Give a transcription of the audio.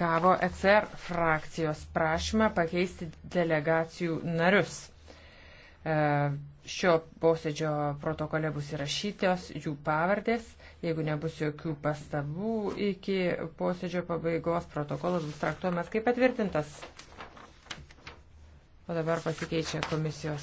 gavo ECR frakcijos prašymą pakeisti delegacijų narius. E, šio posėdžio protokole bus įrašytos jų pavardės. Jeigu nebus jokių pastabų iki posėdžio pabaigos, protokolas bus traktuojamas kaip patvirtintas. O dabar pasikeičia komisijos.